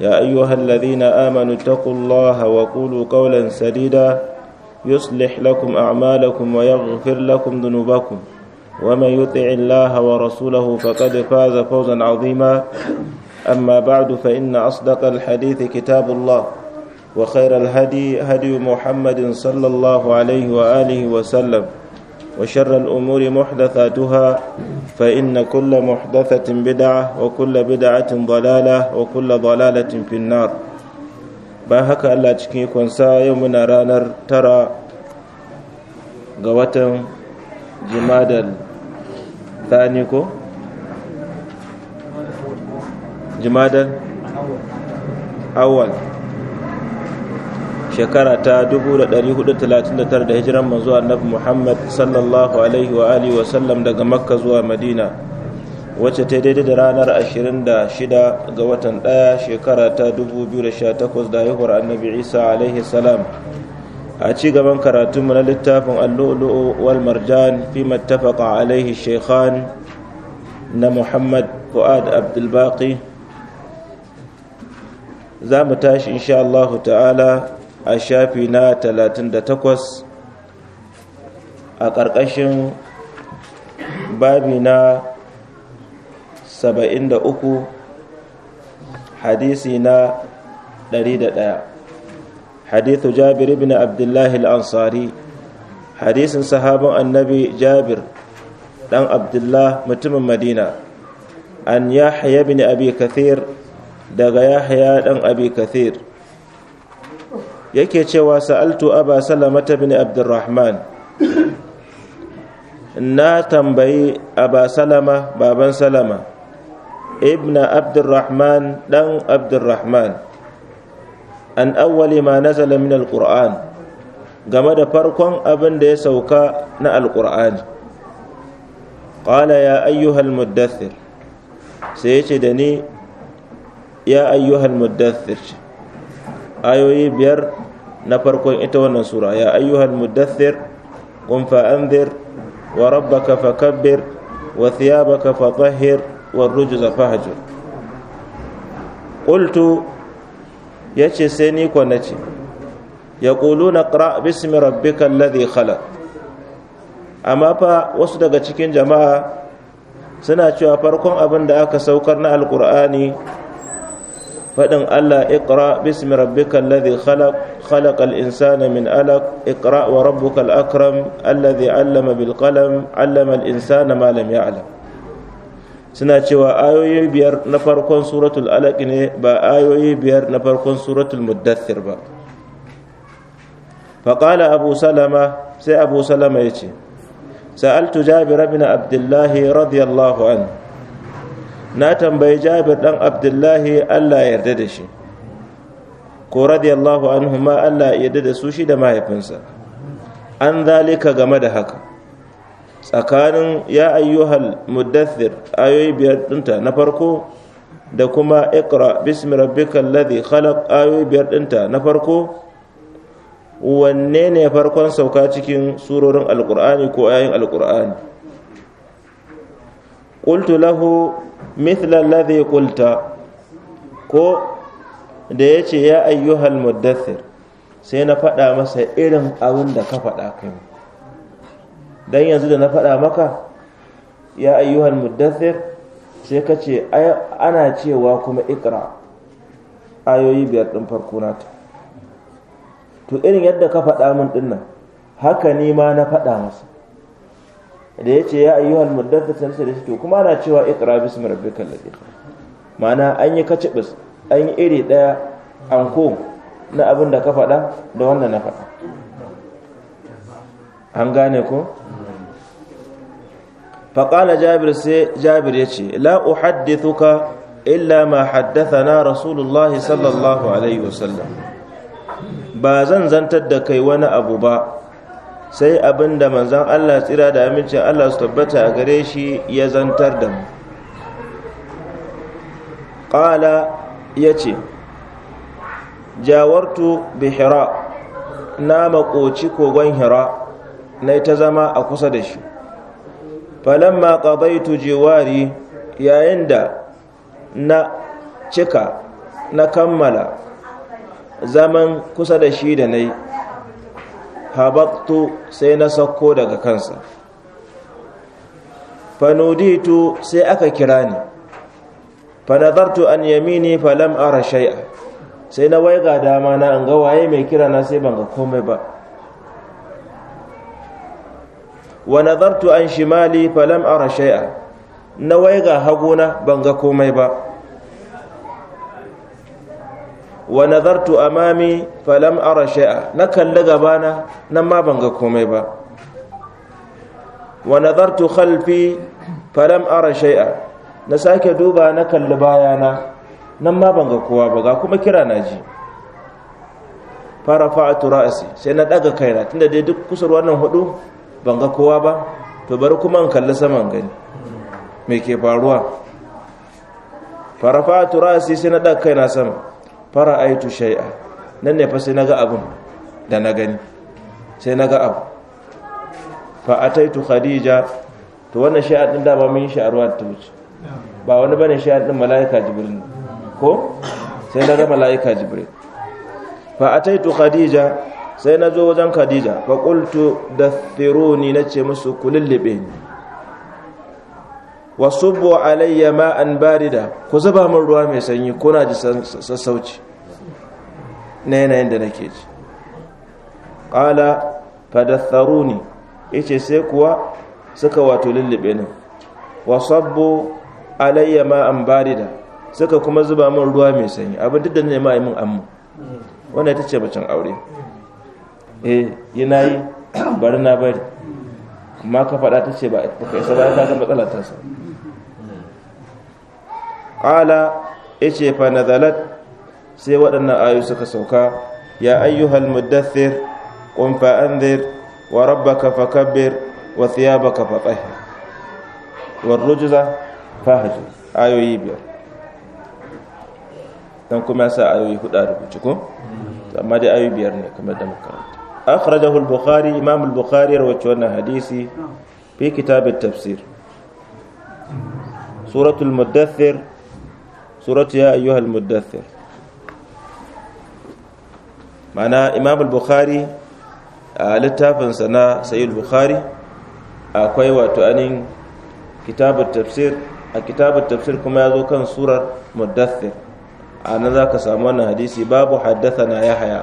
يا ايها الذين امنوا اتقوا الله وقولوا قولا سديدا يصلح لكم اعمالكم ويغفر لكم ذنوبكم ومن يطع الله ورسوله فقد فاز فوزا عظيما اما بعد فان اصدق الحديث كتاب الله وخير الهدي هدي محمد صلى الله عليه واله وسلم وشر الأمور محدثاتها فإن كل محدثة بدعة وكل بدعة ضلالة وكل ضلالة في النار ba haka Allah cikin ikonsa yau muna ranar tara ga watan jimadal thani ko? awal shekara ta 439 da hijiran manzo annabi Muhammad sallallahu alaihi wa alihi wa sallam daga Makka zuwa Madina wacce ta daidai da ranar 26 ga watan 1 shekara ta 2018 da haihuwar annabi Isa alaihi salam a ci gaban karatunmu na littafin al-lu'lu'u wal marjan fi mattafaqa alaihi shaykhan na Muhammad Fuad Abdul za mu tashi insha Allah ta'ala a shafi na 38 a ƙarƙashin babi na 73 hadisi na 101 hadithu jabir ibn abdullahi al-ansari hadisin sahabin annabi jabir dan abdullah mutumin madina an yahya ibn abi kathir daga haya dan abi kathir yake cewa sa'altu aba salamata bin abdurrahman na tambayi aba salama baban salama ibna abdurrahman dan abdurrahman an awwali ma nazala min alquran game da farkon abin da ya sauka na alqur'ani qala ya ayyuhal muddathir sai ya ce da ni ya ayyuhal muddathir ayoyi biyar na farkon ita wannan sura ya ayyuhal muddathir qum fa anzir wa rabbaka fakabbir wa thiyabaka fatahhir wa rujza fahjur qultu yace sai ni ko nace yaquluna qra bismi rabbikal ladhi khalaq amma fa wasu daga cikin jama'a suna cewa farkon abin da aka saukar na alqur'ani faɗin Allah iqra bismi rabbikal ladhi khalaq khalaqal insana min alaq iqra wa rabbukal akram alladhi 'allama bil qalam 'allamal insana ma lam suna cewa ayoyi biyar na farkon suratul alaq ne ba ayoyi biyar na farkon suratul muddathir ba faqala abu salama sai abu salama yace sa'altu jabir ibn Abdullahi radiyallahu anhu na tambayi jabir dan abdullahi allah ya yarda da shi ko radiyallahu anhu ma allah ya yarda da su shi da mahaifinsa an zalika game da haka tsakanin ya ayyuhal muddathir ayoyi biyar dinta na farko da kuma ikra bismi rabbika alladhi khalaq ayoyi biyar dinta na farko wanne ne farkon sauka cikin surorin alkur'ani ko ayoyin alkur'ani qultu lahu mithla alladhi qulta ko da yace ya ayyuhal muddathir sai na faɗa masa irin abin da ka faɗa kai dan yanzu da na faɗa maka ya ayyuhal muddathir sai ka ce ana cewa kuma ikra ayoyi biyar ɗin farko ta, to irin yadda ka faɗa min ɗinnan haka ni ma na faɗa masa da ya ce ya ayyuhal muddathir sai da to kuma ana cewa iqra bismi rabbikal ladhi ma'ana an yi kacibis an yi iri daya anko na abin da ka faɗa da wanda na faɗa an gane ko faƙala jabir sai jabir ya ce la uhaddithuka illa ma na rasulullah sallallahu alaihi wasallam ba zan zantar da kai wani abu ba sai abin da manzan Allah tsira da amincin Allah su tabbata a gare shi ya zantar da mu ƙala ya ce jawartu bi hira na makoci kogon hira na ta zama a kusa da shi falamma ƙabaitu jewari, yayin da na cika na kammala zaman kusa da shi da na habattu sai na sauko daga kansa fanuditu sai aka kira ni fanazartu an yamini falam ara shay'a sai na waiga dama na an ga waye mai kira na sai ban ga komai ba wa nazartu an shimali falam ara shay'a na waiga na ban ga komai ba wa nazartu amami falam ara shay'a na kalli gabana nan ma ban ga komai ba wa nazartu khalfi falam ara shay'a na sake duba na kalli bayana nan ma ban ga kowa ba ga kuma kira na ji fara fa'atu ra'asi sai na daga kaina tunda dai duk kusur wannan hudu ban ga kowa ba to bari kuma in kalli saman gani me ke faruwa fara fa'atu ra'asi sai na daga kaina sama Fara aitu shai'a nan ne fa sai naga abun da na gani sai naga abu fa ataitu khadija to wannan shay'a din da ba mun yi shi ruwa ta wuce ba wani bane shay'a din malaika jibril ko sai naga malaika jibril fa ataitu khadija sai na zo wajen khadija fa qultu dathiruni nace musu kulillibe ni wasubbu alayya ma'an barida ku zuba min ruwa mai sanyi ko na ji sassauci na yanayin da nake ji qala ya ce sai kuwa suka wato lullube ni wasabbu alayya ma'an barida suka kuma zuba min ruwa mai sanyi abin duk da ne ma min amma wannan ita ce bacin aure eh yana yi bari na bari amma ka faɗa ta ce ba ka isa ba ta ga matsala ta sa qala yace fa sai waɗannan ayu suka sauka ya ayyuhal muddathir qum fa wa rabbaka wa ayoyi biyar kuma sa ayoyi hudu a ko amma dai ayoyi biyar ne da makaranta akhrajahu al-bukhari imam al-bukhari wannan hadisi fi kitab tafsir suratul muddathir suratu ya ayyuhal muddathir mana imam al a littafinsa na sayyid bukhari akwai wato anin kitabun tafsir a kitabun tafsir kuma ya zo kan surar muddathir a nan za ka samu wannan hadisi babu haddathana na haya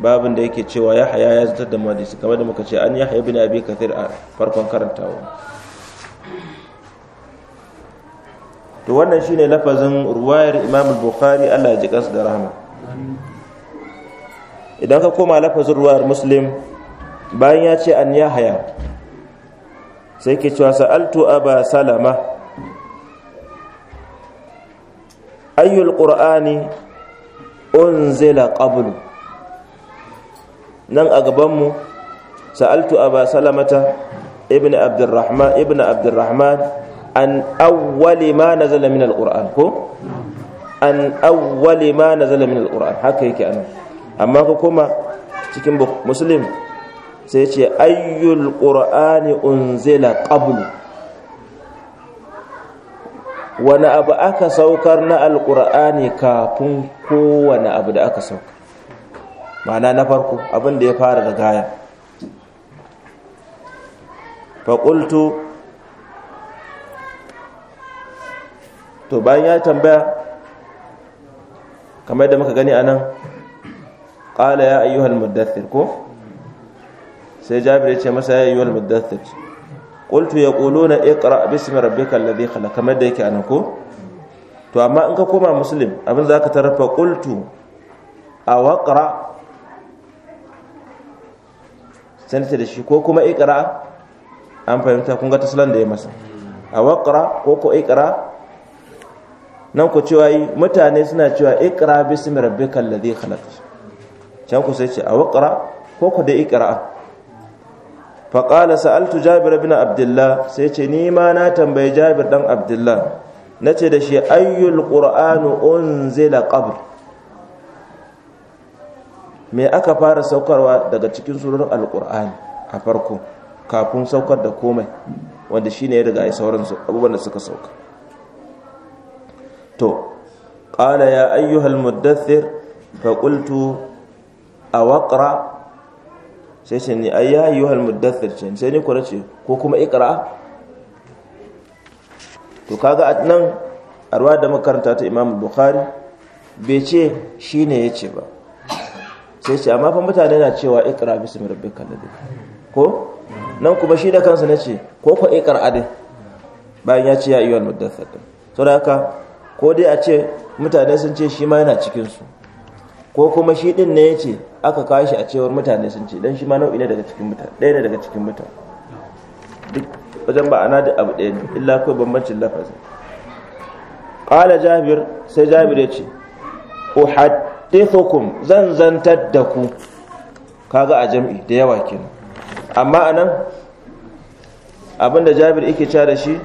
babin da yake cewa yahaya haya ya zartar da hadisi da muka ce an ya haya bin abi kathir a farkon karantawa to wannan shine lafazin ruwayar imam bukhari Allah ya ji da rahama idan ka koma lafazin ruwayar muslim bayan ya ce an yahaya sai ke cewa sa'altu aba salama ayyul qur'ani unzila qablu nan a gabanmu sa'altu aba salamata ibn abdurrahman ibn abdurrahman an awwali ma nazala min alquran ko an awwali ma nazala min alquran haka yake anan amma ko kuma cikin muslim sai ce ayyul qur'ani unzila qablu wani abu aka saukar na alqur'ani kafin kowane abu da aka saukar ma'ana na farko abin da ya fara da gaya faƙultu to bayan ya tambaya kamar da muka gani anan qala ya ayyuhal muddathir ko sai jabir ya ce masa ya ayyuhal muddathir qultu yaquluna iqra bismi rabbikal ladhi khalaq kamar da yake anan ko to amma in ka koma muslim abin za ka tarafa ƙultu a waƙara sanita da shi ko kuma ikira an fahimta kun ga taslan da ya masa a waƙara ko ko ikira nan ku cewa yi mutane suna cewa iqra bismi rabbikal ladhi khalaq can ku sai ce a waqra ko ku da iqra fa qala sa'altu jabir ibn abdullah sai ce ni ma na tambayi jabir dan abdullah nace da shi ayyul qur'anu unzila qabr me aka fara saukarwa daga cikin surar alqur'ani a farko kafin saukar da komai wanda shine ya riga ya sauran abubuwan da suka sauka to qala ya ayyuhal muddathir fa qultu awaqra sai ce ni ayya ayyuhal muddathir ce sai ni kura ce ko kuma iqra to kaga a nan arwa da makaranta ta imam bukhari bai ce shine yace ba sai ce amma fa mutane na cewa iqra bismi rabbikal ladhi ko nan kuma shi da kansa nace ko ko iqra adin bayan ya ce ya ayyuhal muddathir to da haka ko dai a ce mutane sun ce shi ma yana cikinsu ko kuma shi ɗin ne ya ce aka kawo shi a cewar mutane sun ce don shi ma nau'i ne daga cikin mutane ɗaya ne daga cikin mutane duk wajen ba ana da abu ɗaya ne illa kawai bambancin lafazin ƙala jabir sai jabir ya ce uhaddithukum zan zantar da ku kaga a jam'i da yawa kenan amma anan abinda jabir yake cewa da shi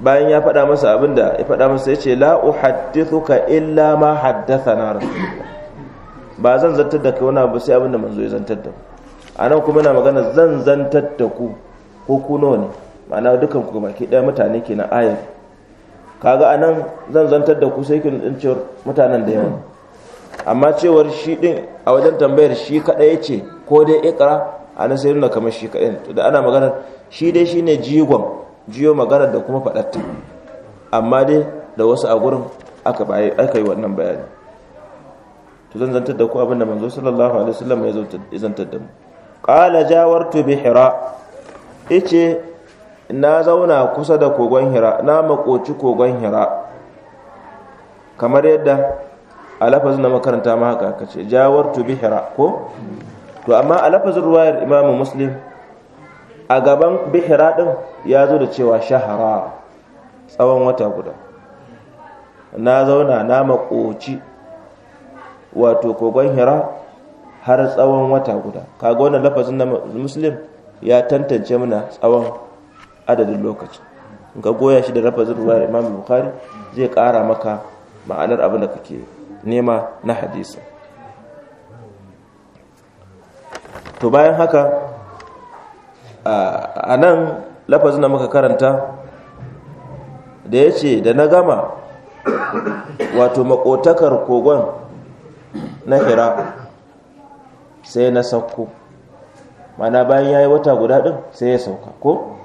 bayan ya faɗa masa abin da ya faɗa masa ya ce la uhaddithuka illa ma na rasulullah ba zan zantar da kai wani abu sai abin da manzo ya zantar da a nan kuma yana magana zan zantar da ku ko ku nawa ne ma'ana dukan ku baki ɗaya mutane ke na ayar kaga a nan zan zantar da ku sai kin ɗin cewar mutanen da yawa amma cewar shi ɗin a wajen tambayar shi kaɗai ya ce ko dai ikra a nan sai nuna kamar shi kaɗai da ana magana shi dai shine jigon jiyo maganar da kuma faɗatta amma dai da wasu a gurin aka yi wannan bayani to zan zantar da ku abin da manzo sallallahu alaihi wasallam ya zantar da mu qala jawartu bi hira ice na zauna kusa da kogon hira na makoci kogon hira kamar yadda a lafazin na makaranta ma haka kace jawartu bi hira ko to amma a lafazin ruwayar imamu muslim a gaban bihira ɗin ya zo da cewa shahara tsawon wata guda na zauna na makoci wato kogon hira har tsawon wata guda kaga wannan lafazin na muslim ya tantance mana tsawon adadin lokaci ga goya shi da lafazin ruwa imam bukari zai kara maka ma'anar abin da kake nema na hadisa. to bayan haka a nan lafazin da muka karanta da ya ce da na gama wato makotakar kogon na hira sai na sauko mana bayan ya yi wata guda ɗin sai ya sauka ko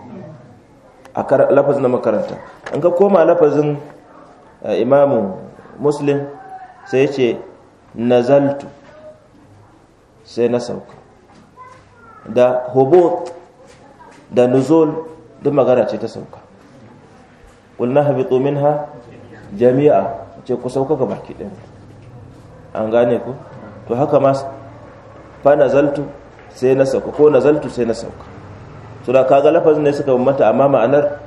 a lafazin da makaranta an ka koma lafazin imamu muslim sai ya ce nazaltu sai na sauka da hobot da nuzul duk magana ce ta sauka qulna habitu minha jami'a ce ku sauka ga baki ɗaya an gane ku to haka ma fa nazaltu sai na sauka ko nazaltu sai na sauka to da kaga lafazin ne suka mata amma ma'anar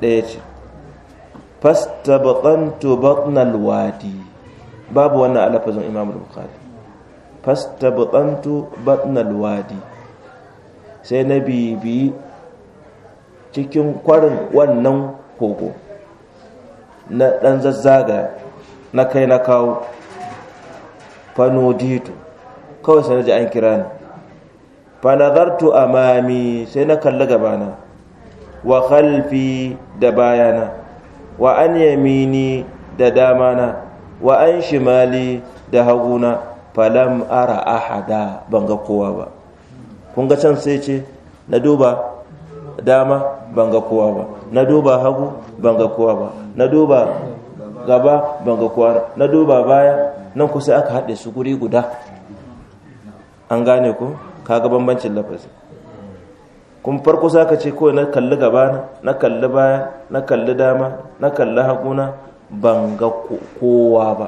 ɗaya ce fastabqantu batnal wadi babu wannan a imamu bukhari fastabqantu batnal wadi sai na bibiyi cikin kwarin wannan kogo na ɗan zazzaga na kai na kawo fanoditu kawai sai na ji an kira ni fanazartu amami sai na kalli gabana wa khalfi da bayana wa an yamini da damana wa an shimali da haguna falam ara ahada ban ga kowa ba kun ga can sai ce na duba dama ban ga kowa ba na duba hagu ban ga kowa ba na duba gaba ban ga kowa na duba baya nan kusa aka haɗe su guri guda an gane ku kaga bambancin lafazi kun farko sai ka ce kawai na kalli gabana na kalli baya na kalli dama na kalli haguna ban ga kowa ba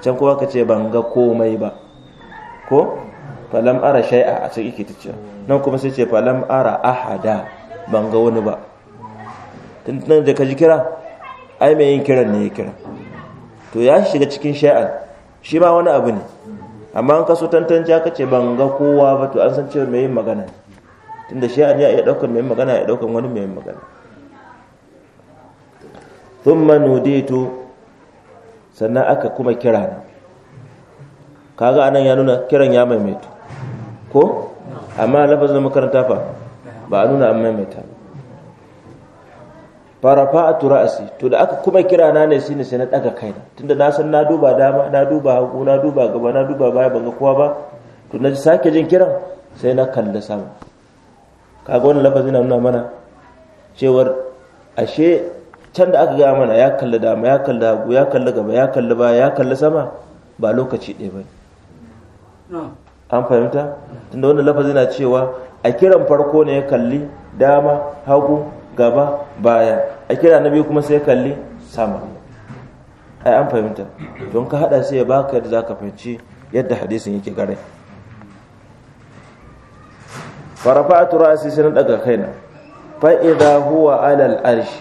can kowa ka ce ban ga komai ba ko falam ara shai'a a sai yake ta cewa nan kuma sai ce falam ara ahada ban ga wani ba tuntun da ka ji kira ai mai yin kiran ne ya kira to ya shiga cikin shay'an shi ba wani abu ne amma an kaso tantance ka ce ban ga kowa ba to an san cewa mai yin magana tunda shay'an ya ɗaukar daukar mai yin magana ya ɗaukar wani mai yin magana thumma nuditu sannan aka kuma kira ne kaga anan ya nuna kiran ya maimaito ko amma lafazin makaranta fa ba a nuna an maimaita farafa a tura asi to da aka kuma kira na ne shine sai na daga kai, tunda na san na duba dama na duba hagu na duba gaba na duba baya banga kowa ba to na sake jin kiran sai na kalla sama kaga wannan lafazin na nuna mana cewar ashe can da aka gaya mana ya kalli dama ya kalli hagu ya kalli gaba ya kalli baya ya kalli sama ba lokaci ɗaya ba ne an fahimta tunda wannan lafazi na cewa a kiran farko ne ya kalli dama hagu gaba baya a kira na biyu kuma sai kalli sama ai an fahimta don ka hada sai ya baka yadda zaka fahimci yadda hadisin yake gare farafa'atu ra'si sai na daga kaina fa idza huwa alal arshi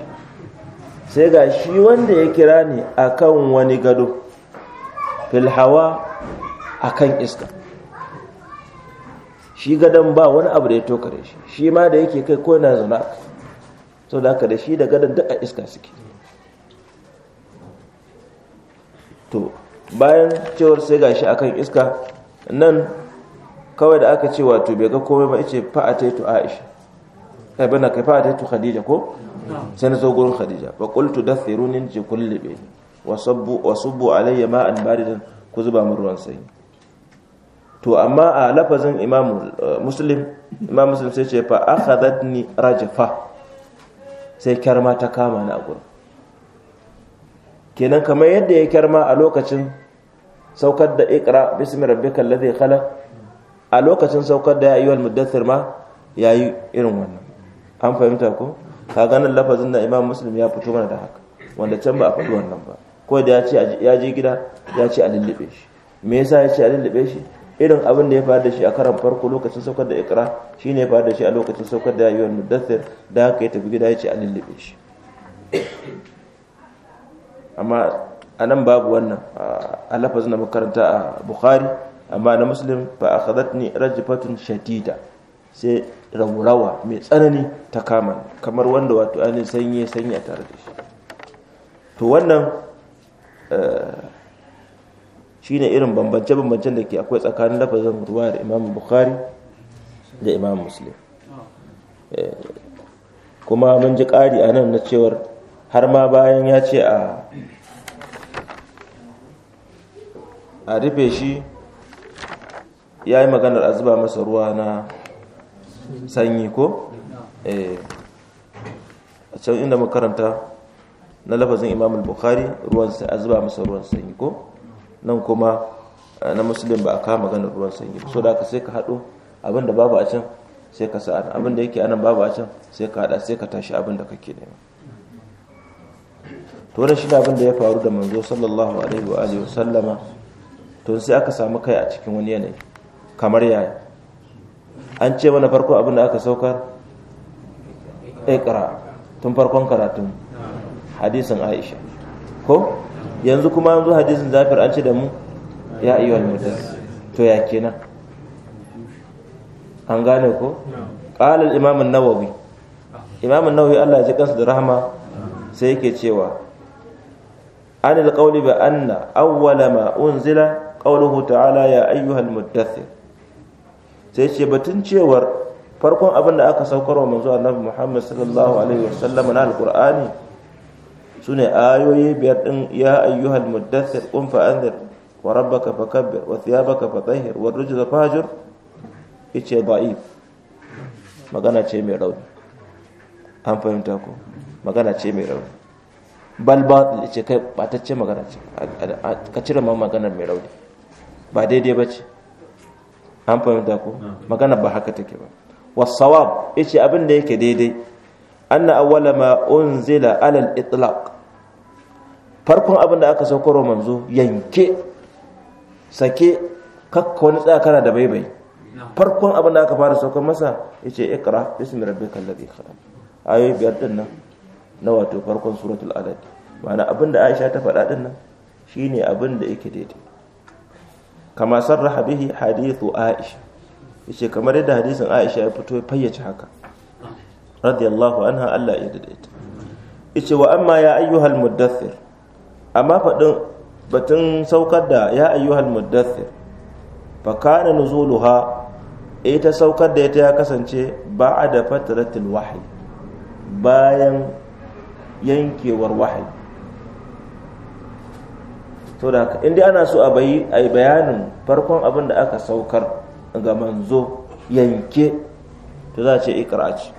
sai ga shi wanda ya kira ni akan wani gado fil hawa akan iska shi gadon ba wani abu da ya tokare shi shi ma da yake kai ko zana zauna sau da aka da shi da gadon duk a iska suke to bayan cewar sai ga shi akan iska nan kawai da aka ce wato bai ga komai ba ice fa'ataitu aisha kai bana kai tu khadija ko sai na zo gurin khadija kultu da tsirunin jikun kullibe wasu bu alayya ma'an baridan ku zuba min ruwan sanyi to amma a lafazin imamu eh, muslim imam muslim sai ce fa akhadhatni rajfa sai kyarma ta kama ni a gurin kenan kamar yadda ya kyarma a lokacin saukar da ikra bismi rabbikal ladhi khalaq a lokacin saukar da ayyuhal muddathir ma yayi irin wannan an fahimta ko kaga nan lafazin da imam muslim ya fito mana da haka wanda can ba a faɗi wannan ba ko da ya ce ya je gida ya ce a lullube shi me yasa ya ce a lullube shi irin abin da ya faru da shi a karan farko lokacin saukar da ikra shi ya faru da shi a lokacin saukar da yayin mudaththir da haka ya tafi gida ya ce a lullube shi amma a nan babu wannan a lafazin na makaranta a bukhari amma na muslim fa ni rajifatun shadida sai raurawa mai tsanani ta kama kamar wanda wato ainihin sanyi sanyi a tare da shi to wannan eh, shine irin bambance bambancen da ke akwai tsakanin lafazin ruwa da imam bukhari da imam muslim eh, kuma mun ji ƙari a nan na cewar har ma bayan ya ce a rufe shi ya yi maganar a zuba masa ruwa na sanyi ko eh, a can inda makaranta na lafazin imam bukari ruwan a zuba masa ruwan sanyi ko nan kuma eh, na musulun ba a kama ganin ruwan sanyi so da ka sai ka haɗo abin da babu a can sai ka sa'an abin da yake anan babu a can sai ka haɗa sai ka tashi abin da kake nema to da shi da abin da ya faru da manzo sallallahu alaihi wa alihi sallama to sai aka samu kai a cikin wani yanayi kamar yaya an ce mana farko abin da aka saukar ikra tun farkon karatun hadisin aisha ko yanzu kuma yanzu hadisin zafir an ce da mu ya iya wani mutum to ya kenan an gane ko ƙalar imamun nawawi imamun nawawi allah ya ji kansu da rahama sai yake cewa an alƙauli ba na awwala ma unzila ƙauluhu ta'ala ya ayyuhal muddathir sai ce batun cewar farkon abin da aka saukar wa manzo annabi muhammad sallallahu alaihi wasallam na alƙur'ani sune ayoyi biyar din ya ayyuhal muddathir qum fa anzir wa rabbaka fakabbir wa thiyabaka fatahhir wa rujza fahjur yace da'if magana ce mai rauni an fahimta ko magana ce mai rauni bal ba ce kai batacce magana ce ka cire ma magana mai rauni ba daidai ba ce an fahimta ko magana ba haka take ba wasawab yace abin da yake daidai anna awwala ma unzila alal itlaq farkon abin da aka saukarwa manzo yanke sake kakka wani tsakara da baibai farkon abin da aka fara saukar masa ya ce ikra bismi rabbika alladhi khalaq yi biyar din nan na wato farkon suratul alad ma'ana abin da Aisha ta faɗa din nan ne abin da yake daidai kama sarraha bihi hadithu Aisha ce kamar yadda hadisin Aisha ya fito ya fayyace haka radiyallahu anha Allah ya daidaita ce wa amma ya ayyuhal muddathir amma faɗin batun saukar da ya ayyuhal muddathir fa kana nuzuluha ita eh, saukar da ita ya kasance ba'da fatratil wahyi bayan yankewar wahyi to da inda ana so a bayi bayanin farkon abin da aka saukar ga manzo yanke to za a ce ikra ce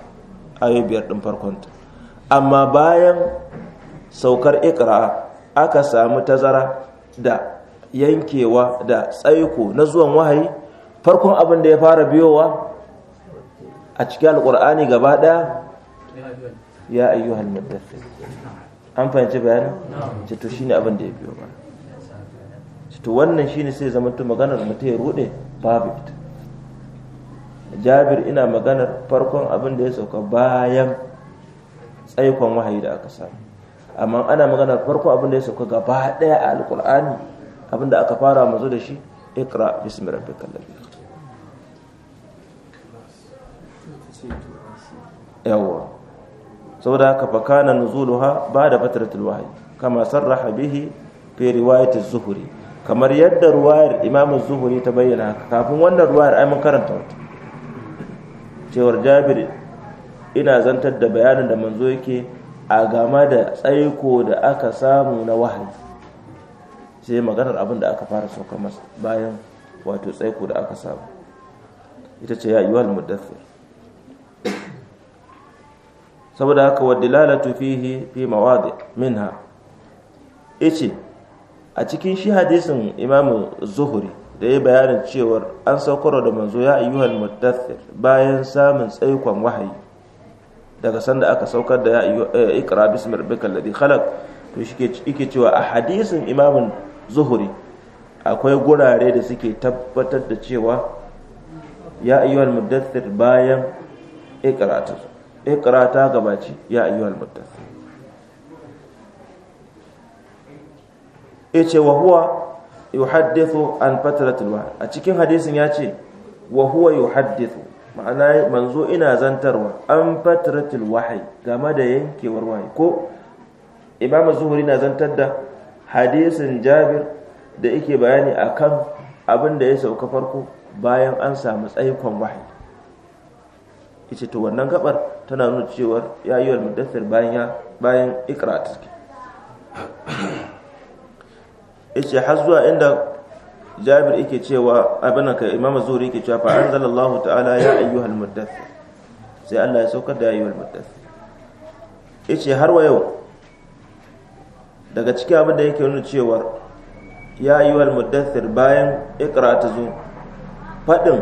ayo biyar din ta, amma bayan saukar ikra aka samu tazara da yankewa da tsaiko na zuwan wahayi farkon abin da ya fara biyowa a cikin alkur'ani gaba daya ya ayyuhal muddathir an fahimci bayanin cito shi ne abin da ya biyo ba Cito wannan shi ne sai zama to maganar mutu ya rude babu ita jabir ina maganar farkon abin da ya sauka bayan tsaikon wahayi da aka samu amma ana magana farko abin da ya sauka gaba daya a alkur'ani abin da aka fara mazo da shi ikra bismi rabbikal ladhi yawa saboda haka fa kana nuzuluha ba'da fatratul wahyi kama sarraha bihi fi riwayat zuhuri kamar yadda ruwayar imam zuhuri ta bayyana kafin wannan ruwayar ai mun karanta wata cewar jabir ina zantar da bayanin da manzo yake a game da tsaiko da aka samu na wahayi sai maganar abin da aka fara sauka masa bayan wato tsaiko da aka samu ita ce ya yi wal muddathir saboda haka wadda dilalatu fihi fi mawadi minha ice a cikin shi hadisin imamu zuhuri da ya bayanin cewar an saukar da manzo ya yi ayyuhal muddathir bayan samun tsaikon wahayi daga sanda aka saukar da ya eh, ikra bismi rabbikal ladhi khalaq to shike yake cewa a hadisin imam zuhuri akwai gurare da suke tabbatar da cewa ya ayyuhal muddathir bayan ikra ta ikra ta gabaci ya ayyuhal muddathir yace wa huwa yuhaddithu an fatratil wahd a cikin hadisin yace wa huwa yuhaddithu ma'ana manzo ina zantarwa an fatratul wahyi game da yankewar wahyi ko imamu zuhuri na zantar da hadisin jabir da yake bayani akan abin da ya sauka farko bayan an samu tsaikon wahyi ita to wannan gabar tana nuna cewar ya yi almudassir bayan bayan ikra take yace har zuwa inda jabir yake cewa abin ka imamu zuhri yake cewa fa anzalallahu ta'ala ya ayyuhal muddathir sai Allah ya saukar da ayyuhal muddathir yace har wa yau daga cikin abin da yake nuna cewa ya ayyuhal muddathir bayan iqra ta zo fadin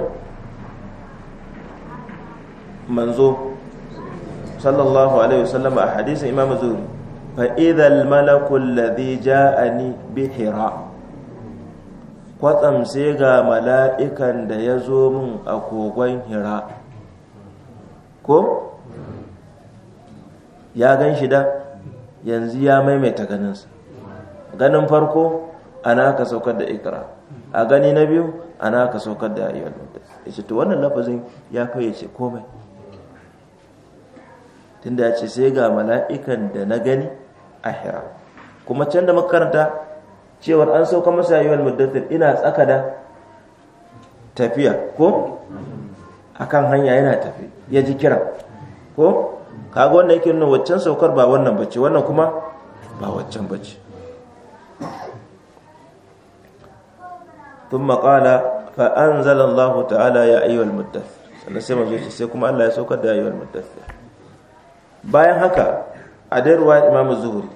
manzo sallallahu alaihi wasallam a hadisin imamu zuhri fa idhal malaku alladhi ja'ani bi kwatsam sai ga mala'ikan da ya zo min a kogon hira ko ya gan shi da yanzu ya maimaita ganinsa ganin farko ana ka saukar da ikira a gani na biyu ana ka saukar da ayyuan ya ce to wannan lafazin ya fayyace komai tunda ya ce sai ga mala'ikan da na gani a hira kuma can da makaranta cewar an sauka masa yayyuwal muddathir ina tsaka da tafiya ko akan hanya yana tafi ya ji kira ko kaga wannan yake nuna waccan saukar ba wannan bace wannan kuma ba waccan bace ثم قال فأنزل الله تعالى يا أيها المدثر sannan sai manzo ce sai kuma Allah ya saukar da ayyuhal muddathir bayan haka a da ruwa Zuhri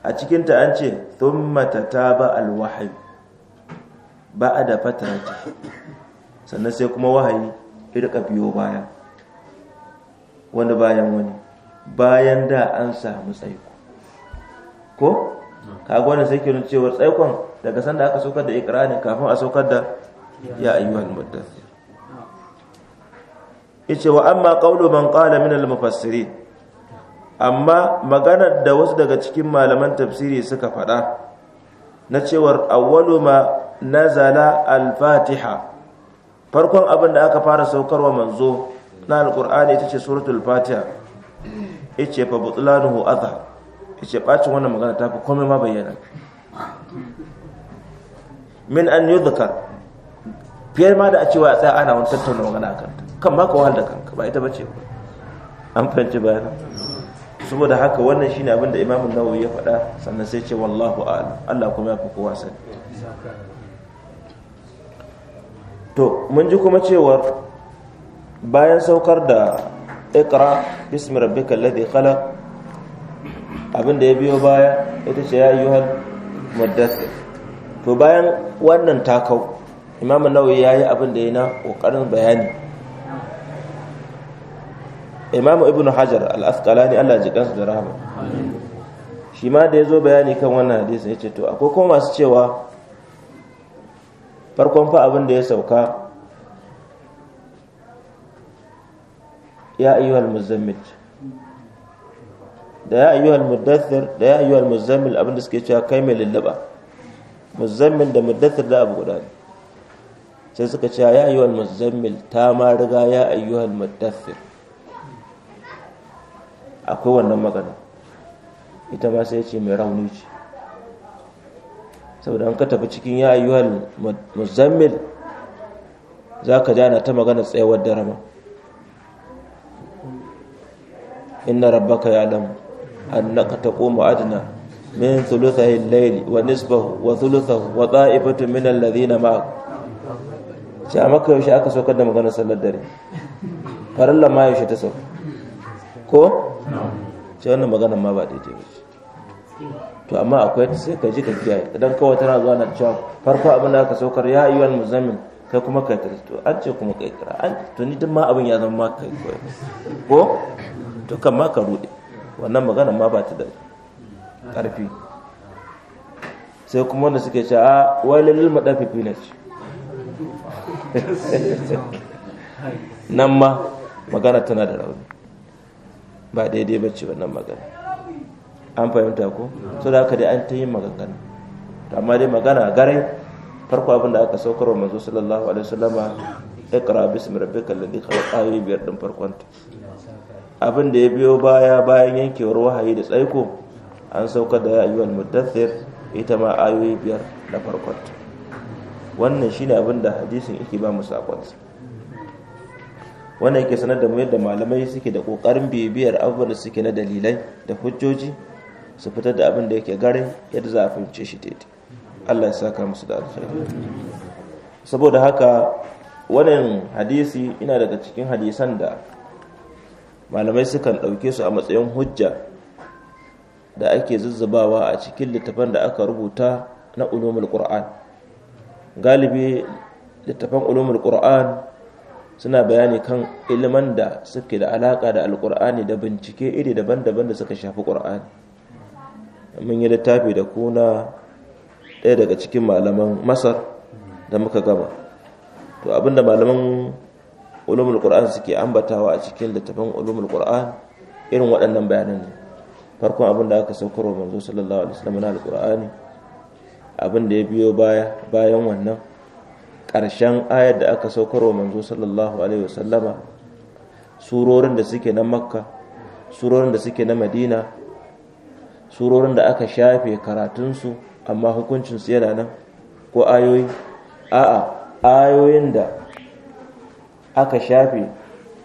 a cikinta an ce thumma tataba alwahyi ba'da fatrati sannan sai kuma wahayi irka biyo baya wani bayan wani bayan da an samu tsaiko ko kaga wannan sai ke nuna cewa tsaikon daga sanda aka saukar da ikrarin kafin a saukar da ya ayyuhal muddathir yace wa amma qawlu man qala min al mufassirin amma maganar da wasu daga cikin malaman tafsiri suka faɗa na cewar awwalu ma nazala al-fatiha farkon abin da aka fara saukarwa manzo na alkur'ani ita ce suratul fatiha yace fa butlanuhu azhar yace bacin wannan magana ta fi komai ma bayyana min an yudhkar Fiyar ma da a cewa a tsaya ana wani tattauna magana kanta, kan ma ka wahal da kanka ba ita bace an fahimci bayanan saboda haka wannan shi abin da imamun nawo ya faɗa sannan sai ce wallahu ala Allah kuma ya fi kowa sani to mun ji kuma cewar bayan saukar da ikra bismi kalla ladhi khalaq abin da ya biyo baya ita ce ya ayyuhal muddathir to bayan wannan takau Imam Nawawi yayi abin da yana kokarin bayani imamu ibn hajar al-asqalani Allah ji kansu da rahama shi ma da ya zo bayani kan wannan hadisi ya ce to akwai kuma masu cewa farkon fa abin da ya sauka ya ayyuhal muzammil da ya ayyuhal muddathir da ya ayyuhal muzammil abin da suke cewa kai mai lullaba muzammil da muddathir da abu guda sai suka ce ya ayyuhal muzammil ta ma riga ya ayyuhal muddathir akwai wannan magana ita ma sai ce mai rauni ce saboda an ka tafi cikin ya ayyuhal muzammil za ka jana ta magana tsayawar da rama inna rabbaka ya lamu annaka taqumu adna min thuluthahi al-layl wa nisbahu wa thuluthahu wa ta'ifatu min alladhina ma'ak a maka yaushe aka saukar da maganar sallar dare farallan ma yaushe ta sauka ko ce wannan magana ma ba daidai ba to amma akwai ta sai ka ji ka kiyaye idan kawai tana zuwa na cewa farko abin da aka saukar ya yi wani muzamin kai kuma kai to an ce kuma kai kira an to ni duk ma abin ya zama ma kai koyi ko to kan ma ka rude wannan magana ma ba ta da ƙarfi sai kuma wanda suke ce a ah, wai lalil madafifi na ce nan ma magana tana da rauni ba daidai ba ce wannan magana an fahimta ko so da haka dai an ta yi magana. amma dai magana gare farko abin da aka wa manzo sallallahu alaihi wasallama iqra bismi rabbikal ladhi khalaq ayi biyar din farkon ta abin da ya biyo baya bayan yankewar wahayi da tsaiko an saukar da ayyuhal muddathir ita ma ayoyi biyar na farkon ta wannan shine abin da hadisin yake ba mu sakonsa wannan yake sanar da mu da malamai suke da kokarin bibiyar abubuwan suke na dalilai da hujjoji su fitar da abin da yake gare yadda za a fahimce shi daidai Allah ya saka musu da alkhairi saboda haka wannan hadisi ina daga cikin hadisan da malamai sukan ɗauke su a matsayin hujja da ake zuzzubawa a cikin littafan da aka rubuta na ulumul qur'an galibi littafan ulumul qur'an suna bayani kan iliman da suke da alaka da alkur'ani da bincike iri daban-daban da suka shafi kur'ani. mun yi littafi da kuna ɗaya daga cikin malaman masar da muka gama to abinda malaman ulumul suke ambatawa a cikin littafin ulumul irin waɗannan bayanan ne farkon abin da aka saukarwa manzo sallallahu alaihi wasallam na alqur'ani abin da ya biyo baya bayan wannan ƙarshen ayar da aka saukar wa manzo sallallahu alaihi wasallama surorin da suke na makka surorin da suke na madina surorin da aka shafe karatunsu amma hukuncinsu yana nan ko ayoyi a'a ayoyin da aka shafe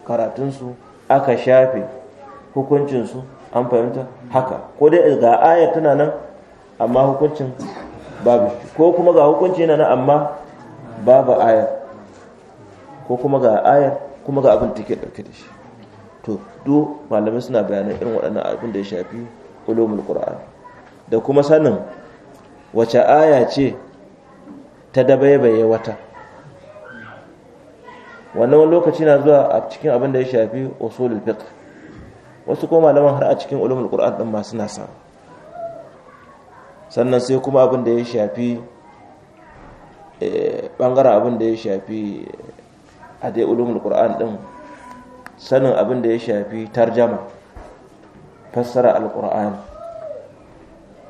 karatunsu aka shafe hukuncinsu an fahimta haka ko dai ga ayar tana nan amma hukuncin babu ko kuma ga hukunci yana nan amma babu ayar ko kuma ga ayar kuma ga abin take dauke da shi to do malamai suna bayanan irin waɗannan abin da ya shafi ulumul qur'an da kuma sanin wace aya ce ta dabaibaye wata wannan wani lokaci na zuwa a cikin abin da ya shafi usulul fiqh wasu kuma malaman har a cikin ulumul qur'an din ma suna sa sannan sai kuma abin da ya shafi bangaren eh, abin da ya shafi a dai ulumul qur'an din sanin abin da ya shafi tarjama fassara alqur'ani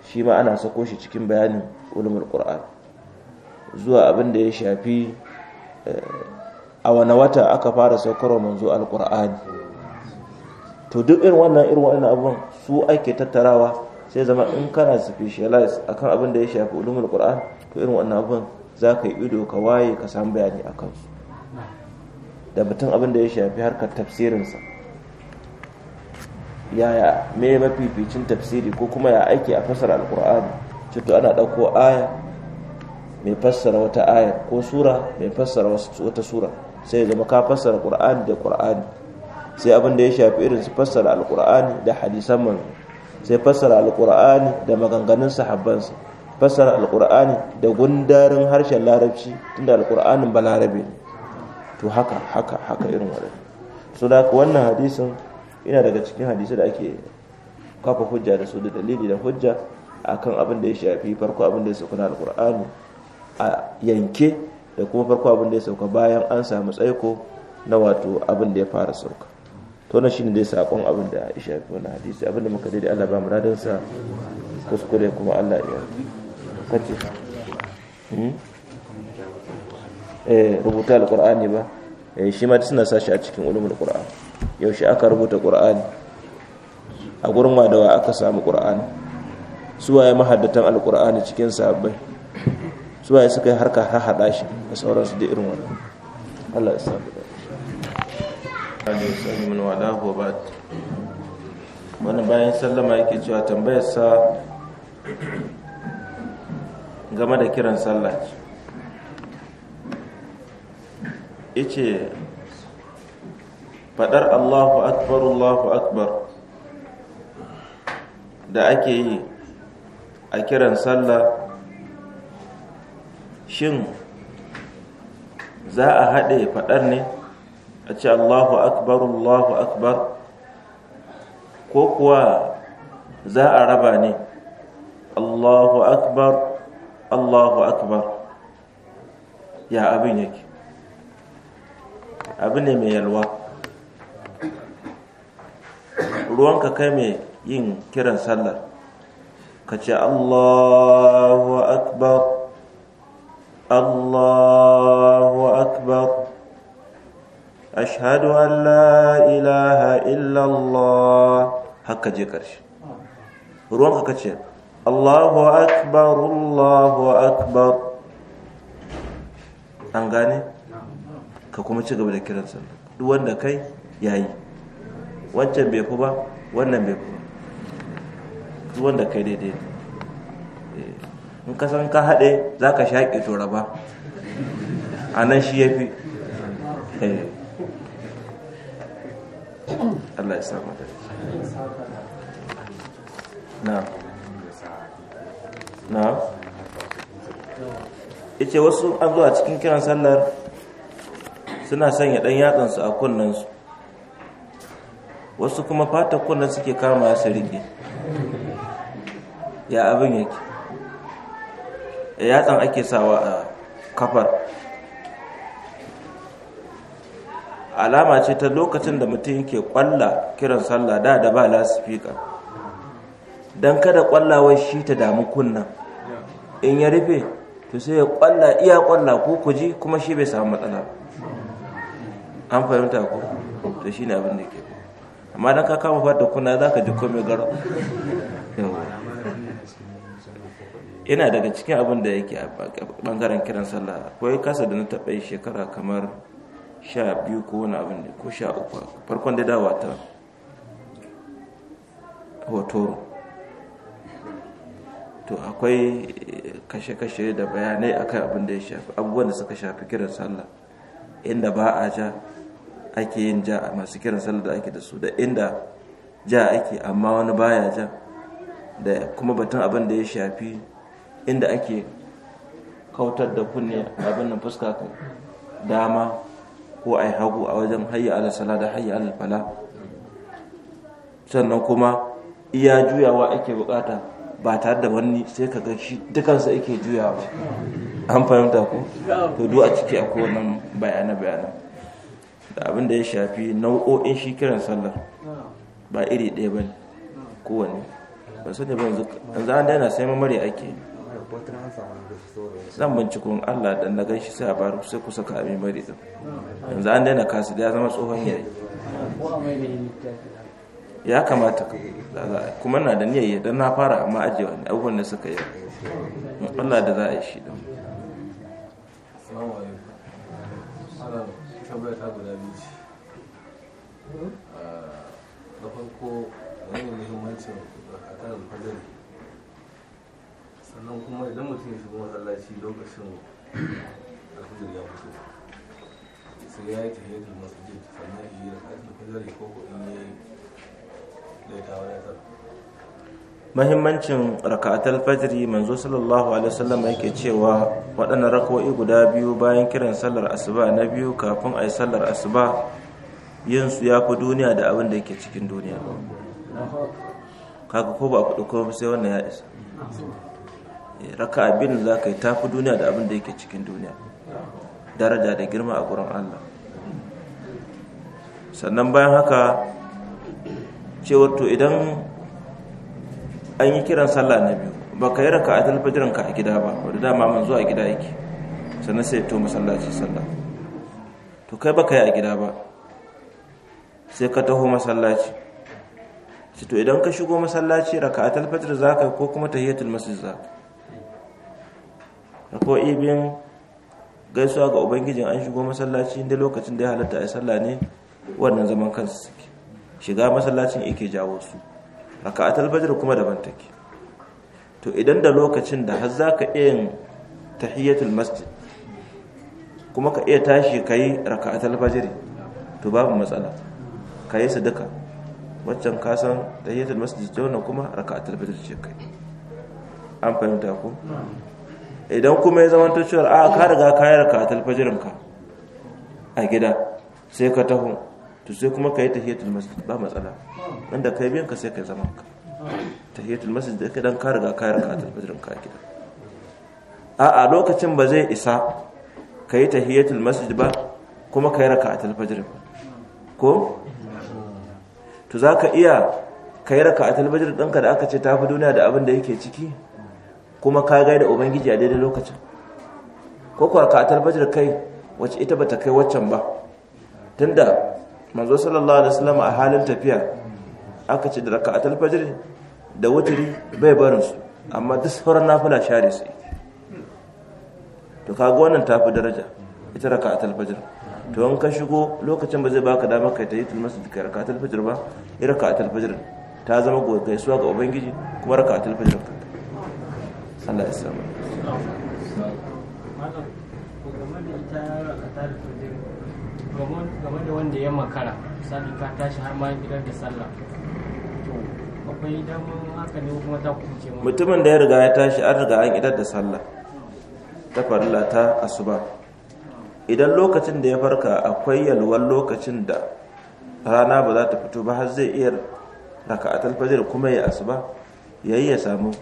shi ma ana sako shi cikin bayanin ulumul qur'an zuwa abin da ya shafi eh, a wani wata aka fara saukarwa manzo alqur'ani to duk irin wannan irin wannan abin su ake tattarawa sai zama in kana specialize akan abin da ya shafi ulumul qur'an to irin wannan abin za ka yi ido ka waye ka samu bayani a kansu da batun abin da ya shafi harkar tafsirinsa yaya me mafificin tafsiri ko kuma ya aiki a fasar alkur'ani cuto ana ɗauko aya mai fassara wata aya ko sura mai fassara wata sura sai zama ka fassara qur'ani da qur'ani sai abin da ya shafi irin su fassara alkur'ani da hadisan manzo sai fassara alkur'ani da maganganun sahabbansa fassara alkur'ani da gundarin harshen larabci tunda alkur'anin ba larabe to haka haka haka irin waɗanda so da wannan hadisin ina daga cikin hadisi da ake kafa hujja da su da dalili da hujja akan abin da ya shafi farko abin da ya sauka na alkur'ani a yanke da kuma farko abin da ya sauka bayan an samu tsaiko na wato abin da ya fara sauka to na shine dai sakon abin da ya shafi wannan hadisi abin da muka da Allah ba mu radansa kuskure kuma Allah ya kace hmm? eh rubuta alqur'ani ba eh shi ma suna sashi a cikin ulumul qur'an yaushe aka rubuta qur'ani a gurin wadawa aka samu qur'ani suwaye mahaddatan alqur'ani cikin sahabbai suwaye suka yi harka ha hada shi da sauransu da irin wannan Allah ya samu alisalim wa lahu ba wani bayan sallama yake cewa tambayar sa game da kiran sallah ice fadar allahu akbar allahu akbar da ake yi a kiran sallah shin za a haɗe fadar ne a ce allahu akbar allahu akbar ko kuwa za a raba ne allahu akbar Allahu akbar ya abin yake abin ne mai yalwa ruwanka kai mai yin kiran sallar ka ce Allahu akbar Allahu akbar ashhadu an la ilaha illallah haka je ƙarshe ruwanka ka ce Allahu akbar Allahu akbar an gane ka kuma ci gaba da kiran sallah duk wanda kai yayi wancan bai ku ba wannan bai ku. duk wanda kai daidai eh, in ka san ka haɗe za ka shaƙe tura ba a nan shi ya fi eh. Allah ya samu da na na wasu an a cikin kiran sallar suna sanya ɗan yatsansu a kunnen wasu kuma fata kunnan suke kama su rike ya abin yake yatsan ake sawa a kafar alama ce ta lokacin da mutum yake kwalla kiran sallah da da ba lasifika don kada kwallawar shi ta damu kunna in ya rufe to sai ya kwalla iya kwalla ko kuji kuma shi bai samu matsala an fahimta ko to shi ne abin da ke amma don ka kama fata kunna za ka ji komai garo yana daga cikin abin da yake a bangaren kiran sallah ya kasa da na taɓa shekara kamar sha biyu ko wani abin da ko sha uku farkon da dawa ta hoto. to akwai kashe-kashe da bayanai akan abin da ya shafi abubuwan da suka shafi kiran sallah inda ba a ja ake yin ja a masu kiran sallah da ake da su da inda ja ake amma wani baya ja da kuma batun abin da ya shafi inda ake kautar da kunne abin nan fuska dama ko ai hagu a wajen hayya ala sala da hayya ala fala sannan kuma iya juyawa ake bukata ba tare da wani sai ka gan shi dukansa yake juyawa an fahimta ku to duk a ciki akwai wannan bayana bayana da abin da ya shafi nau'o'in shi kiran sallar ba iri ɗaya ba ne kowane ba su ne ba yanzu an daina sai mamari ake zan binciko in allah da na gan shi sai a baro sai ku saka abin mari din yanzu an daina kasu da ya zama tsohon yare ya kamata kuma na da niyayya don na fara amma ajiyewa ne abubuwan da suka yi Allah da za a yi shi don kuma idan mutum ya shiga masallaci lokacin alfajir ya yi da masjid sannan ya yi da ko in ya mahimmancin raka'atul fajri manzo sallallahu alaihi wasallam yake cewa waɗannan rak'o'i guda biyu bayan kiran sallar asuba na biyu kafin ayi sallar asuba yin su yafi duniya da abin da yake cikin duniya kaga ko ba kuɗi ko sai wannan ya isa raka'a bin za ka yi tafi duniya da abin da yake cikin duniya daraja da girma a gurin Allah sannan bayan haka cewar to idan an yi kiran sallah na biyu ba ka yi raka a talfajiran ka a gida ba wadda dama man zuwa gida yake sannan sai to masallaci sallah to kai ba ka yi a gida ba sai ka taho masallaci sai to idan ka shigo masallaci raka a talfajir za ka ko kuma ta hiyatul masjid za ka ko ibin gaisuwa ga ubangijin an shigo masallaci inda lokacin da ya halatta a sallah ne wannan zaman kansu suke shiga masallacin yake jawo su a talbajar kuma daban take to idan da lokacin da har ka iya yin tahiyatul masjid kuma ka iya tashi ka raka a talbajar to babu matsala yi su duka waccan ka san tahiyatul masjid ce wannan kuma a talbajar ce kai an fahimta ku idan kuma ya zama cewa a ka riga ka yi raka'atul fajrin ka a gida sai ka taho to sai kuma ka yi tahiyatul masjid ba matsala inda kai biyan ka sai kai zaman ka tahiyatul masjid da kadan ka riga ka raka ta bidrin ka gida a a lokacin ba zai isa ka yi tahiyatul masjid ba kuma ka yi raka ta fajrin ko to zaka iya ka yi raka ta fajrin ɗinka da aka ce ta fi duniya da abin da yake ciki kuma ka da ubangiji a daidai lokacin ko kuwa ka ta fajr kai wacce ita bata kai waccan ba tunda manzo sallallahu alaihi wasallam a halin tafiya aka ce da raka'atul fajr da wutri bai barin su amma duk sauran nafila share su to kaga wannan tafi daraja ita raka'atul fajr to in ka shigo lokacin ba zai baka dama kai ta yi tulmasu da raka'atul fajr ba ira raka'atul fajr ta zama gaisuwa ga ubangiji kuma raka'atul fajr Allah ya samu. Malam, ko game da ita raka'atul fajr game da wanda ya makara misali ka tashi har ma gidan da sallah akwai damar haka ne kuma ta kuce mutumin da ya riga ya tashi an riga an idar da sallah ta farilla ta asuba idan lokacin da ya farka akwai yalwar lokacin da rana ba za ta fito ba har zai iya raka a fajr kuma ya asuba yi ya samu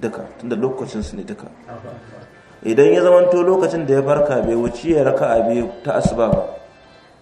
duka tunda lokacin su ne duka idan ya zamanto lokacin da ya farka bai wuce ya a biyu ta asuba ba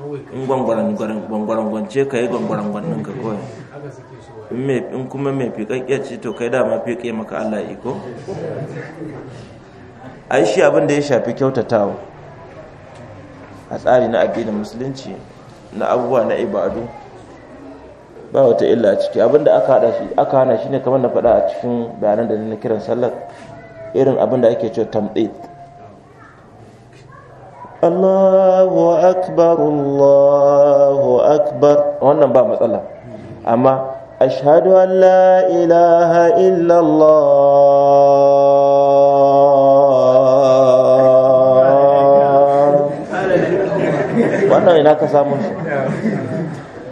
in ce ka yi gwangwarangwannin ka kawai in kuma mai fiƙaƙƙiya ce to kai dama fiƙe maka Allah iko yi shi abin da ya shafi kyautatawa a tsari na addinin musulunci na abubuwa na ibadu ba wata illa a ciki abin da aka hana shi ne kamar na faɗa a cikin bayanan da na kiran sallar irin abin da ake ce tamɗe Allahu akbar Allahu akbar wannan ba matsala amma ashhadu an la ilaha illallah wannan ina ka samu shi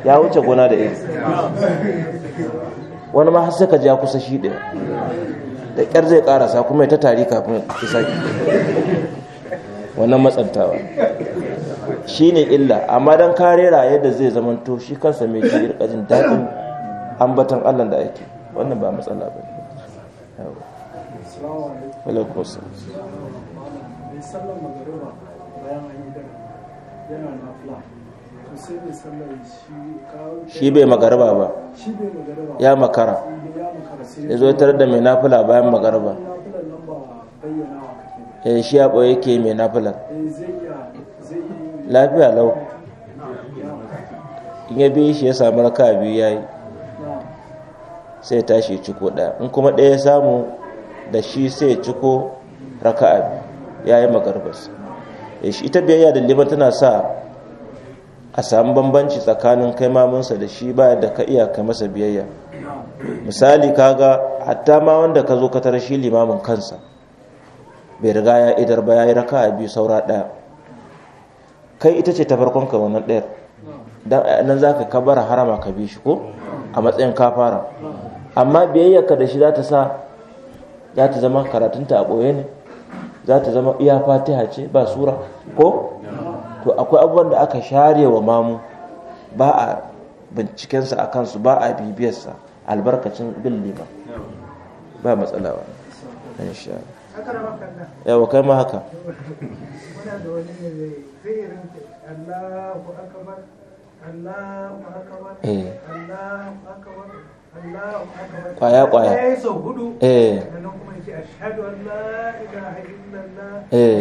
ya wuce gona da iri wani ma har sai ka ja kusa shi ɗaya da ƙyar zai ƙarasa kuma ya ta tari kafin ki sake wannan matsantawa shi ne illa amma don raye da zai to shi kansa mai ke irkajin daɗin ambatan allah da ake wannan ba matsala ba ne shi bai magarba ba ya makara ya zo tarar da mai nafula bayan magarba eh shi ya ɓoye ke mai nafilan lafiya lau in ya biyu shi ya samu raka biyu ya yi sai tashi ciko ɗaya in kuma ɗaya ya samu da shi sai ciko raka biyu ya yi magarbas eh, ita biyayya da liman tana sa a samu bambanci tsakanin kai mamunsa da shi ba da ka iya kai masa biyayya misali kaga hatta ma wanda ka zo ka tarar shi limamin kansa bai riga ya idar ba ya yi raka a biyu saura ɗaya kai ita ce ta farkon ka wannan ɗayar eh, nan za ka kabara harama ka bi shi ko a matsayin ka fara amma biyayyarka da shi za ta sa za ta zama karatunta a ɓoye ne za ta zama iya fatiha ce ba sura ko to akwai abubuwan da aka share wa mamu ba a bincikensa a kansu ba a bibiyarsa albarkacin bin ba matsala ba insha Allah yawa kai ma haka eh. kwaya kwaya eh. Eh.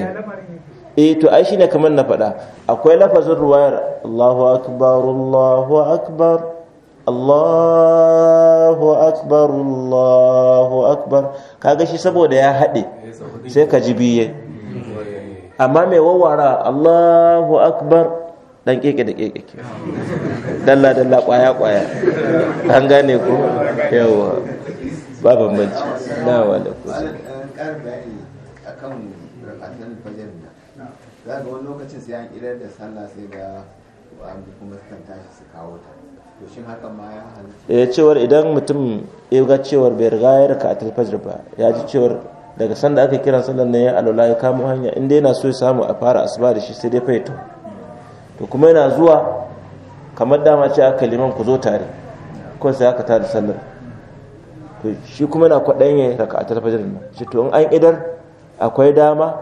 eh to ai shine kamar na faɗa akwai lafazin ruwayar Allahu akbar Allahu akbar Allahu akbar Allahu akbar kaga shi saboda ya haɗe sai ka ji biye amma mai wawara Allahu akbar dan keke da keke dalla dalla kwaya kwaya an gane ku yawa baba bambanci na wala ko akan rakatan fajr da zaka wani lokacin sai an idar da sallah sai ga kuma su tashi su kawo ta ya eh, cewar idan mutum ya ga cewar bai riga ya raka a ba ya ji cewar daga sanda aka kira sallar nan ya alola ya kamo hanya inda yana so ya samu a fara asuba da shi sai dai faito to kuma yana zuwa kamar dama ce aka liman ku zo tare ko sai aka tada sallar to shi kuma yana kwaɗayin ya raka a talfajir nan shi to in an idar akwai dama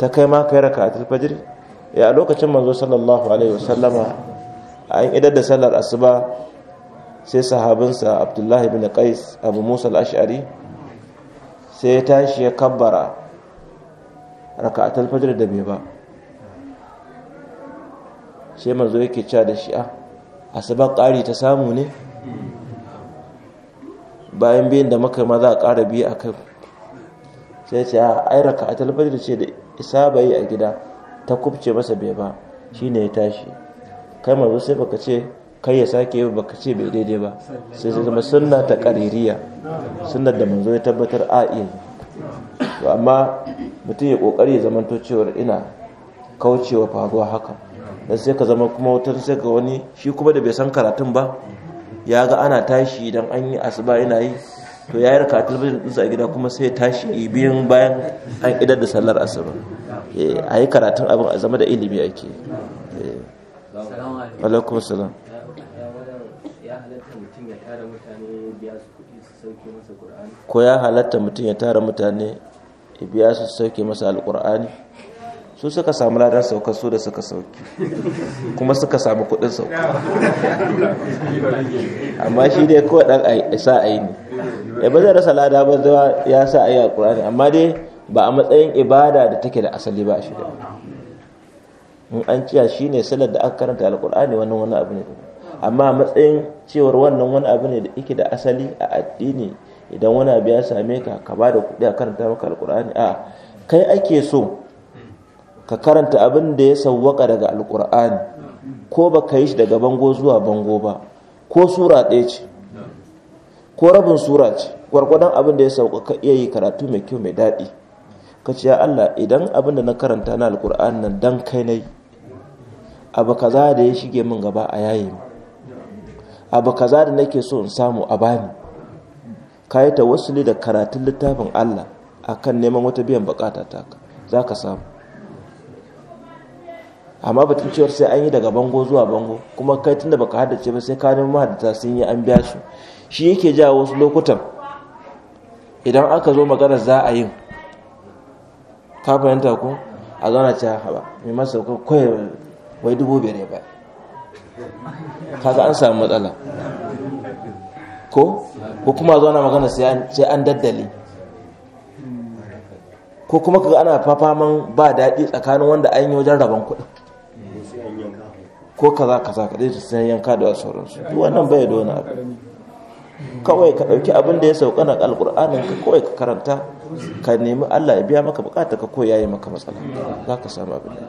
ta kai ma kai raka a talfajir ya eh, a lokacin manzo sallallahu alaihi wasallama an idar da sallar asuba sai sahabinsa abdullahi bin qais abu musa al-ash'ari sai ya tashi ya kabbara raka'atul fajr da bai ba sai manzo yake cewa da shi a ah, asuba ƙari ta samu ne bayan biyan da muka ma za a ƙara biyu a kai sai ce a ah, ai raka'atul fajr ce da isa bai a gida ta kubce masa bai ba shine ya tashi kai manzo sai baka ce kai ya sake yi baka ce bai daidai ba sai sai zama sunna ta kaririya sunnar da manzo ya tabbatar a iya to amma mutum ya kokari ya zamanto cewar ina kaucewa faruwa haka dan sai ka zama kuma wutar sai ga wani shi kuma da bai san karatun ba ya ga ana tashi idan an yi asuba ina yi to ya yi raka talbijin ɗinsa a gida kuma sai tashi biyan bayan an idar da sallar asuba eh, a yi karatun abin a zama da ilimi ake eh. alaikum salam ko ya halatta mutum ya tara mutane ya biya su sauke masa alkur'ani su suka samu lada sauka su da suka sauki kuma suka samu kudin sauka amma shi dai kawai dan sa a yi ne ya eh, ba zai rasa lada ba ya sa a yi alkur'ani amma dai ba a matsayin ibada da take da asali ba shi da in an ciya shi ne salar da aka karanta alkur'ani wannan wani abu ne amma matsayin cewar wannan wani abu ne da yake da asali a addini idan wani abu ya same ka ka ba da kuɗi a karanta maka alkur'ani a kai ake so ka karanta abin da ya sawwaka daga alkur'ani ko ba ka yi shi daga bango zuwa bango ba ko sura ɗaya ce ko rabin sura ce gwargwadon abin da ya sauka iya yi karatu mai kyau mai daɗi ka ce ya Allah idan abin da na karanta na alkur'an nan don kai na yi abu kaza da ya shige min gaba a yayi mu abu kaza da nake so in samu a bani ka yi wasu da karatun littafin Allah kan neman wata biyan bukata ta za ka samu amma batun cewar sai an yi daga bango zuwa bango kuma kai tunda baka haddace ba sai ka nemi mahaddata sun yi an biya su shi yake ja wasu lokutan idan aka zo magana za a yin ka fahimta ko a zauna haba mai masa kawai wai dubu biyar ya bayar kaga an samu matsala ko ko kuma zo ana magana sai an daddale ko kuma kaga ana fafaman ba daɗi tsakanin wanda an yi wajen rabon kuɗi ko kaza kaza ka su sai yanka da sauransu duk wannan bai da wani abu kawai ka ɗauki abin da ya sauka na alƙur'anin ka kawai ka karanta ka nemi allah ya biya maka bukata ka koya yi maka matsala za ka samu abin da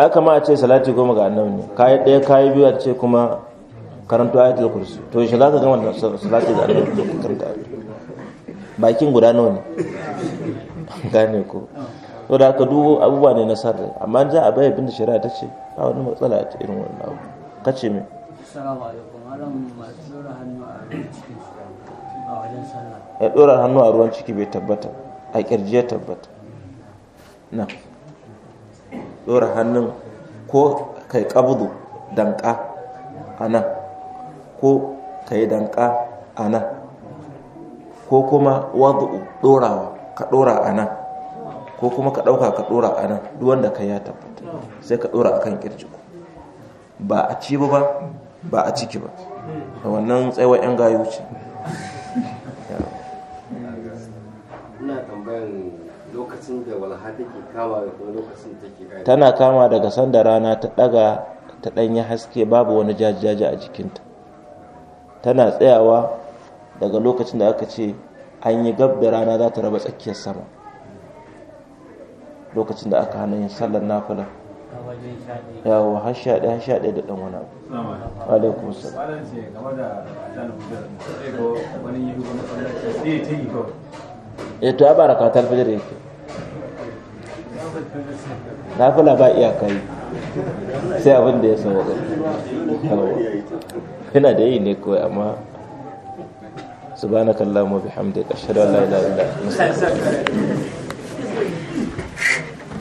ai kama a ce salati goma ga annabi ne kayi ɗaya kayi biyu a ce kuma karanto ayatul kursi to shi za ka gama salati ga annabi da karanta bakin guda nawa ne gane ko to da ka dubo abubuwa ne na sarri amma za a bayyana da shari'a ta ce ba wani matsala a irin wannan abu ka ce me assalamu alaikum malam masu dora hannu a ruwan ciki a wajen sallah ya dora hannu a ruwan ciki bai tabbata a kirji tabbata na ɗora hannun ko kai kabudu danƙa a nan ko kai danƙa a nan ko kuma wadu ɗorawa ka ɗora a nan ko kuma ka ɗauka ka ɗora a nan duk wanda kai ya tabbata sai ka ɗora a kan ƙirji ba a ci ba ba a ciki ba da wannan tsawon 'yan gayu ce lokacin da walha take kama da kuma lokacin take kai tana kama daga sanda rana ta daga ta danyi haske babu wani jajjaji a jikinta tana tsayawa daga lokacin da aka ce an yi gab da rana za ta raba tsakiyar sama lokacin da aka hana yin sallar nafila yawo har sha ɗaya har sha ɗaya da ɗan wani abu alaikum salam malam ce game da talibudar zai ga wani yi wani tsallar ce sai ta yi kawai ya eh, to ya baraka talibudar yake nafila ba iyaka yi sai abin da ya san kawo yana da yi ne kawai amma su bihamdika ashhadu an la ilaha illa anta astaghfiruka